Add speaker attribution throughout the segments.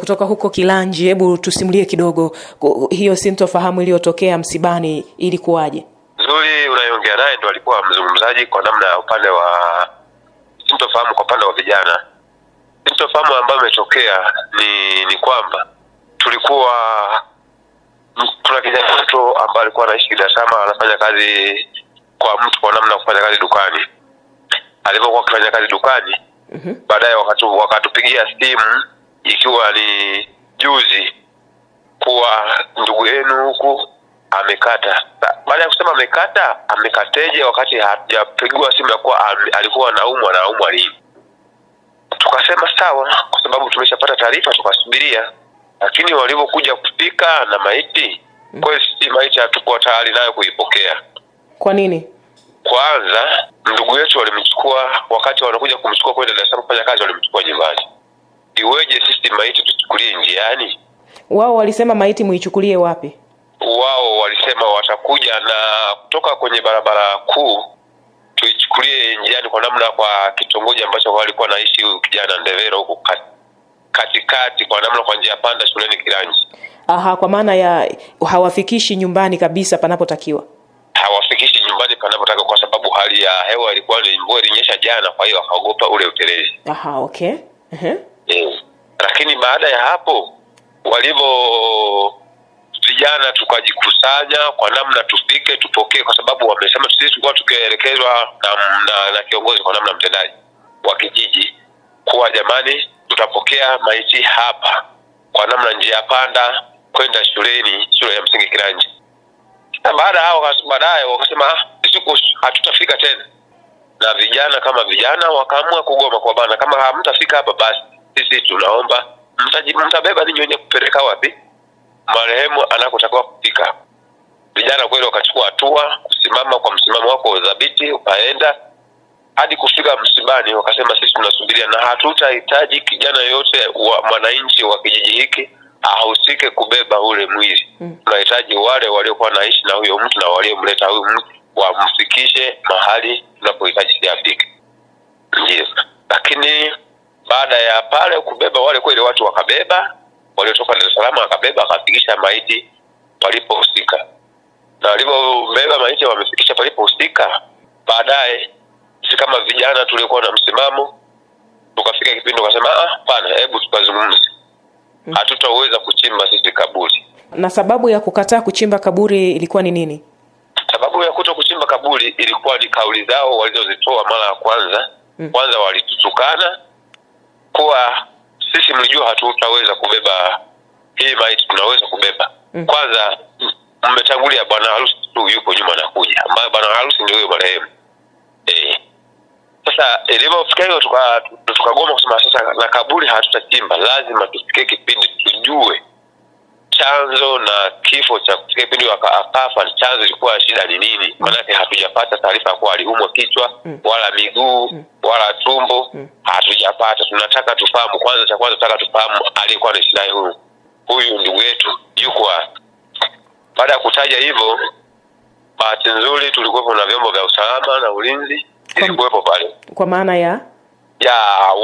Speaker 1: Kutoka huko Kilanji, hebu tusimulie kidogo hiyo sintofahamu iliyotokea msibani ilikuwaje?
Speaker 2: Zuri unayeongea naye ndo alikuwa mzungumzaji kwa namna ya upande wa sintofahamu. Kwa upande wa vijana, sintofahamu ambayo imetokea ni ni kwamba tulikuwa kuna kijana mtu ambaye alikuwa anaishi kidasama anafanya kazi kwa mtu kwa namna ya kufanya kazi dukani. alivyokuwa akifanya kazi dukani, mhm. baadaye wakatupigia simu ikiwa ni juzi kuwa ndugu yenu huku amekata. Baada ya kusema amekata, amekateje wakati hajapigiwa simu ya kuwa alikuwa anaumwa na anaumwa lini? Tukasema sawa, kwa sababu tumeshapata taarifa, tukasubiria. Lakini walivyokuja kufika na maiti mm, kweli sisi maiti hatukuwa tayari nayo kuipokea. Kwa nini? Kwanza ndugu yetu walimchukua, wakati wanakuja kumchukua kwenda Dar es Salaam kufanya kazi, walimchukua nyumbani iweje sisi maiti tuchukulie njiani?
Speaker 1: Wao walisema maiti muichukulie wapi?
Speaker 2: Wao walisema watakuja na kutoka kwenye barabara kuu tuichukulie njiani, kwa namna kwa kitongoji ambacho walikuwa naishi huyu kijana Ndevero huko katikati, kwa namna kwa njia panda shuleni kiranji
Speaker 1: Aha, kwa maana ya hawafikishi nyumbani kabisa panapotakiwa
Speaker 2: hawafikishi nyumbani panapotakiwa kwa sababu hali ya hewa ilikuwa ni mvua ilinyesha jana, kwa hiyo wakaogopa ule utelezi.
Speaker 1: Aha, okay. uh -huh
Speaker 2: lakini baada ya hapo walivyo vijana tukajikusanya kwa namna tufike tupokee, kwa sababu wamesema sisi tulikuwa tukielekezwa na, na, na kiongozi kwa namna mtendaji wa kijiji kuwa jamani, tutapokea maiti hapa kwa namna njia ya panda kwenda shuleni, shule ya msingi Kiranji. Na baada hao baadaye wakasema ah, siku hatutafika tena, na vijana kama vijana wakaamua kugoma kwa bana, kama hamtafika hapa basi sisi tunaomba mtabeba ninyi wenye kupeleka wapi marehemu anakotakiwa kufika. Vijana kweli wakachukua hatua kusimama kwa msimamo wako udhabiti, ukaenda hadi kufika msibani. Wakasema sisi tunasubiria na hatutahitaji kijana yoyote wa mwananchi wa kijiji hiki ahusike kubeba ule mwili mm. Tunahitaji wale waliokuwa naishi na huyo mtu na waliomleta huyu mtu wamfikishe mahali tunapohitaji siafike, ndio. Lakini baada ya pale kubeba wale kweli watu wakabeba, waliotoka Dar es Salaam wakabeba wakafikisha maiti palipohusika, na walivyobeba maiti wamefikisha palipohusika. Baadaye sisi kama vijana tuliokuwa na msimamo tukafika kipindi tukasema, ah, pana hebu tukazungumze, mm. hatutaweza kuchimba sisi kaburi.
Speaker 1: Na sababu ya kukataa kuchimba kaburi ilikuwa ni nini?
Speaker 2: Sababu ya kuto kuchimba kaburi ilikuwa ni kauli zao walizozitoa mara ya kwanza. Mm. Kwanza walitutukana kuwa sisi mlijua hatutaweza kubeba hii maiti, tunaweza kubeba mm. Kwanza mmetangulia bwana harusi tu yuko nyuma kuja, ambayo bwana harusi ndio huyo marehemu eh. Sasa ilipofika hiyo tukagoma tuka kusema sasa, na kaburi hatutachimba, lazima tufike kipindi tujue chanzo na kifo cha kufika kipindi akafa, chanzo ilikuwa shida ni nini? Mm. Maanake hatujapata taarifa kuwa aliumwa kichwa mm. wala miguu mm. wala tumbo, hatujapata. Tunataka tufahamu kwanza, cha kwanza tunataka tufahamu aliyekuwa na shida huyu huyu ndugu yetu yuko wapi? Baada ya kutaja hivyo, bahati nzuri tulikuwepo na vyombo vya usalama na ulinzi, ilikuwepo pale
Speaker 1: kwa maana ya
Speaker 2: ya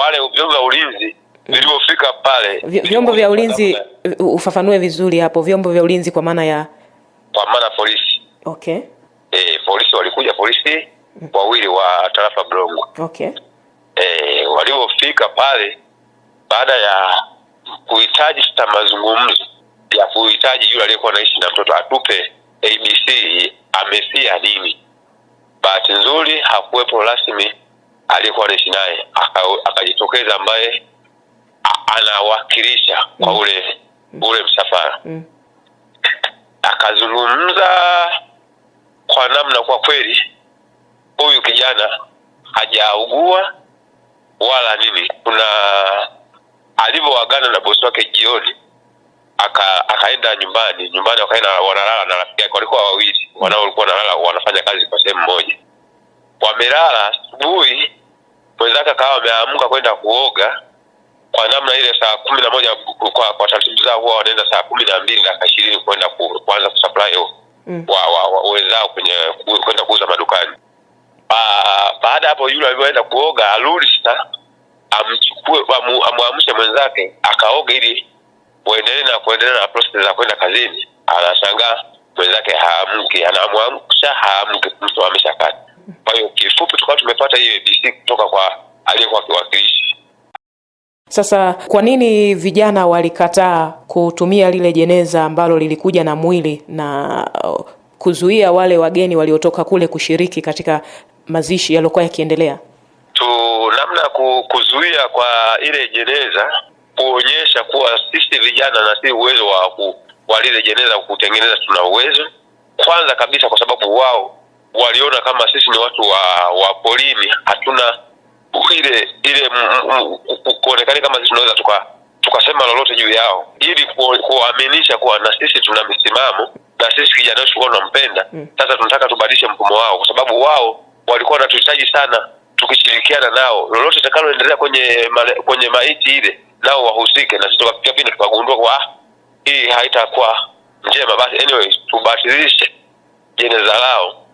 Speaker 2: wale vyombo vya ulinzi nilipofika pale
Speaker 1: vyombo vya ulinzi, ufafanue vizuri hapo, vyombo vya ulinzi kwa maana ya
Speaker 2: kwa maana polisi. Okay. E, polisi walikuja, polisi wawili wa tarafa Bulongo. Okay. E, waliofika pale baada ya kuhitaji sita mazungumzo ya kuhitaji yule aliyekuwa naishi na mtoto atupe ABC amefia nini. Bahati nzuri hakuwepo rasmi aliyekuwa naishi naye, akajitokeza ambaye anawakilisha kwa mm. ule mm. ule msafara mm. Akazungumza kwa namna, kwa kweli huyu kijana hajaugua wala nini. Kuna alivyoagana na bosi wake jioni, aka akaenda nyumbani, nyumbani wakaenda wanalala na rafiki yake, walikuwa wawili wanaolikuwa walikuwa wanalala, wanafanya kazi kwa sehemu moja, wamelala. Asubuhi mwenzake akawa wameamka kwenda kuoga kwa namna ile saa kumi na moja kwa, kwa taratibu zao huwa wanaenda saa kumi na mbili daka ishirini kuenda kuanza kusupply mm. wa, wa, wenzao kwenye kwenda kuuza madukani. Baada hapo yule alivyoenda kuoga arudi sasa amchukue amwamshe mwenzake akaoga ili waendelee na kuendelea na process za kwenda kazini. Anashangaa mwenzake haamki, anamwamsha haamki, mtu ameshakata. Kwa hiyo kifupi, tukawa tumepata hiyo ABC kutoka kwa aliyekuwa kiwakilishi
Speaker 1: sasa kwa nini vijana walikataa kutumia lile jeneza ambalo lilikuja na mwili na uh, kuzuia wale wageni waliotoka kule kushiriki katika mazishi yaliyokuwa yakiendelea?
Speaker 2: tu namna kuzuia kwa ile jeneza kuonyesha kuwa sisi vijana na si uwezo wa wa lile jeneza kutengeneza tuna uwezo kwanza kabisa, kwa sababu wao waliona kama sisi ni watu wa, wa polini hatuna ile ile kuonekana kama sisi tunaweza tuka tukasema lolote juu yao, ili kuaminisha kuwa na sisi tuna misimamo na sisi kijana wetu tunampenda. Mm. Sasa tunataka tubadilishe mfumo wao, kwa sababu wao walikuwa wanatuhitaji sana. Tukishirikiana nao, lolote litakaloendelea kwenye kwenye maiti ile, nao wahusike na sisi. Tukapiga pindi, tukagundua kwa ah, hii haitakuwa njema, basi anyway, tubatilishe jeneza lao,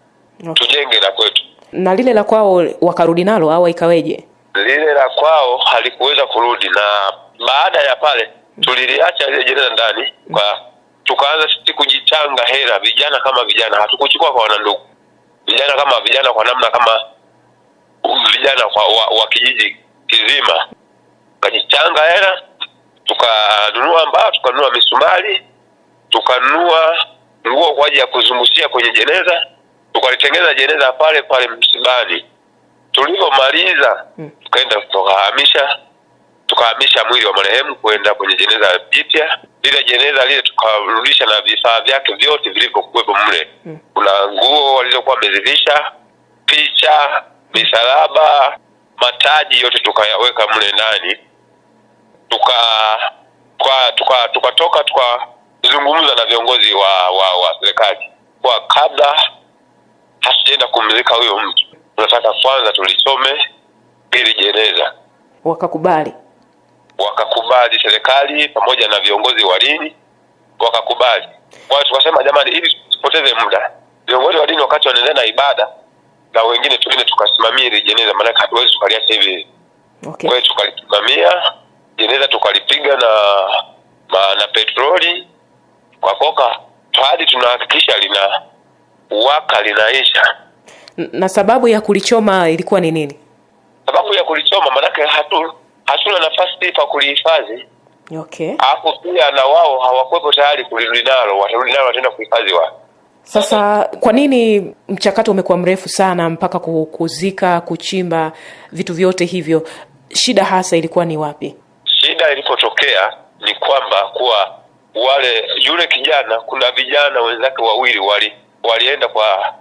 Speaker 2: tujenge la kwetu.
Speaker 1: Na lile la kwao wakarudi nalo au ikaweje?
Speaker 2: Lile la kwao halikuweza kurudi, na baada ya pale tuliliacha ile jeneza ndani kwa, tukaanza sisi kujichanga hela, vijana kama vijana, hatukuchukua kwa wanandugu, vijana kama vijana, kwa namna kama vijana kwa, wa, wa kijiji kizima tukajichanga hela, tukanunua mbao, tukanunua misumari, tukanunua nguo kwa ajili ya kuzungushia kwenye jeneza tukalitengeza jeneza pale pale msibani. Tulivyomaliza hmm. tukaenda tukahamisha tukahamisha mwili wa marehemu kwenda kwenye jeneza jipya. Lile jeneza lile tukarudisha na vifaa vyake vyote vilivyokuwepo mle. Hmm. Kuna nguo walizokuwa wamezivisha, picha, misalaba, mataji yote tukayaweka mle ndani. Tuka tukatoka tuka, tukazungumza na viongozi wa wa, wa serikali kwa kabla hatujaenda kumzika huyo mtu, tunataka kwanza tulisome ili jeneza.
Speaker 1: Wakakubali,
Speaker 2: wakakubali serikali pamoja na viongozi wa dini wakakubali. Kwa tukasema jamani, ili tusipoteze muda, viongozi wa dini wakati wanaendelea na ibada na wengine tuende tukasimamia ili jeneza, maanake hatuwezi tukaliacha hivi. Okay. Kwa hiyo tukalisimamia jeneza tukalipiga na na petroli kwa koka hadi tunahakikisha lina waka linaisha.
Speaker 1: Na sababu ya kulichoma ilikuwa ni nini?
Speaker 2: Sababu ya kulichoma maanake hatu hatuna nafasi pa kulihifadhi. Okay. Hapo pia na wao hawakuwepo tayari kulirudi nalo, watarudi nalo watenda kuhifadhi wa.
Speaker 1: Sasa kwa nini mchakato umekuwa mrefu sana mpaka kuzika, kuchimba vitu vyote hivyo? Shida hasa ilikuwa ni wapi?
Speaker 2: Shida ilipotokea ni kwamba kuwa wale yule kijana, kuna vijana wenzake wawili wali walienda kwa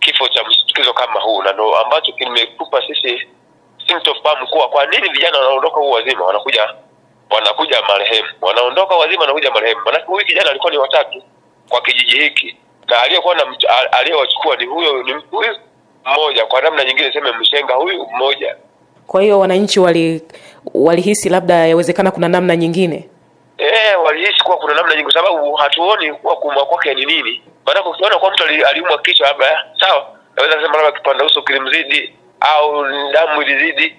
Speaker 2: kifo cha mshtukizo kama huu, na ndo ambacho kimetupa sisi sintofahamu kuwa kwa nini vijana wanaondoka huu wazima, wanakuja wanakuja marehemu, wanaondoka wazima, wanakuja marehemu. manake huyu kijana alikuwa ni watatu kwa kijiji hiki, na aliyekuwa na aliyewachukua ni huyo ni huyu mmoja, kwa namna nyingine sema mshenga huyu mmoja.
Speaker 1: Kwa hiyo wananchi wali walihisi labda yawezekana kuna namna nyingine
Speaker 2: e, walihisi kuwa kuna namna nyingi, kwa sababu hatuoni kuwa kumwa kwake ni nini maana ukiona kwa mtu aliumwa kichwa labda sawa, naweza kusema labda kipanda uso kilimzidi au damu ilizidi,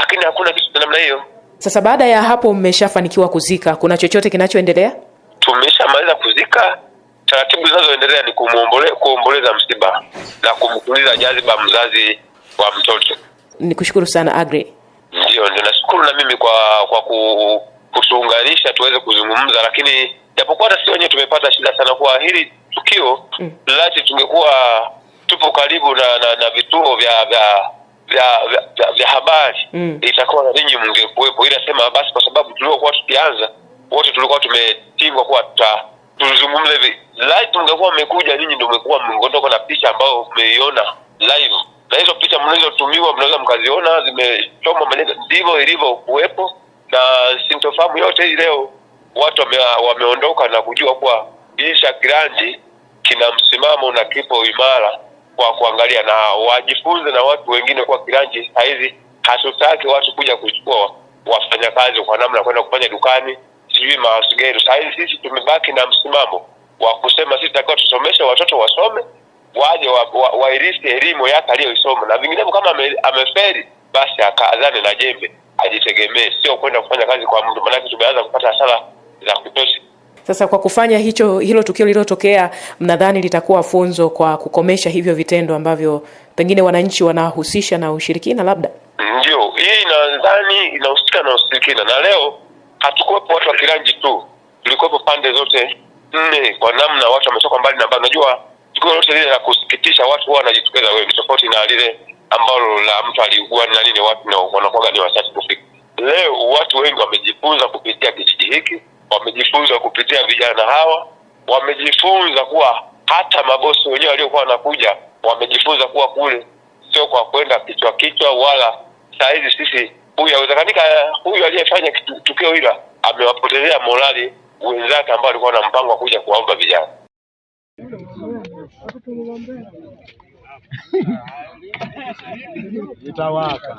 Speaker 2: lakini hakuna kitu namna hiyo.
Speaker 1: Sasa baada ya hapo, mmeshafanikiwa kuzika, kuna chochote kinachoendelea?
Speaker 2: Tumeshamaliza kuzika, taratibu zinazoendelea ni kuomboleza msiba na kumkuliza jaziba mzazi wa mtoto.
Speaker 1: ni kushukuru sana Agri.
Speaker 2: Ndio, ndio nashukuru na mimi kwa kwa kutuunganisha tuweze kuzungumza, lakini japokuwa hata sisi wenyewe tumepata shida sana kwa hili tukio mm. lati tungekuwa tupo karibu na, na, na vituo vya vya vya, vya, vya vya habari mm. itakuwa na ninyi mngekuwepo, ili asema basi, kwa sababu tuliokuwa tukianza wote tulikuwa tumetingwa kuwa tuta tuzungumze hivi live, mngekuwa mmekuja ninyi, ndo mmekuwa mngondoka na picha ambayo mmeiona live, na hizo picha mnazotumiwa mnaweza mkaziona zimechoma ndivyo ilivyokuwepo na sintofahamu yote hii leo watu wameondoka na kujua kuwa Isha Kilanzi kina msimamo na kipo imara kwa kuangalia, na wajifunze na watu wengine kuwa kiranji saizi hatutaki watu kuja kuchukua wafanyakazi kwa namna kwenda kufanya dukani sijui mawasigeru Saizi sisi tumebaki na msimamo wa kusema sisi takiwa tusomeshe watoto wasome waje wairithi wa, wa elimu yake aliyoisoma, na vinginevyo kama ame, ameferi basi akaadhane na jembe, ajitegemee, sio kwenda kufanya kazi kwa mtu, maanake tumeanza kupata hasara za kutosha.
Speaker 1: Sasa kwa kufanya hicho hilo tukio lililotokea, mnadhani litakuwa funzo kwa kukomesha hivyo vitendo ambavyo pengine wananchi wanahusisha na ushirikina? Labda
Speaker 2: ndio hii inadhani inahusika na ushirikina, na leo hatukuwepo watu wa Kiranji tu, tulikuwepo pande zote nne, kwa namna watu wametoka mbali na mbali. Unajua tukio lote lile la kusikitisha, watu huwa wanajitokeza wengi, tofauti na lile ambalo la mtu aliugua na nini, watu wanakuwa ni wachache kufika. Leo watu wengi wamejifunza kupitia kijiji hiki wamejifunza kupitia vijana hawa, wamejifunza kuwa hata mabosi wenyewe waliokuwa wanakuja wamejifunza kuwa kule sio kwa kwenda kichwa kichwa, wala saa hizi sisi huyu awezekanika huyu aliyefanya tukio hila amewapotezea morali wenzake ambao walikuwa na mpango wa kuja kuwaomba vijana. Itawaka.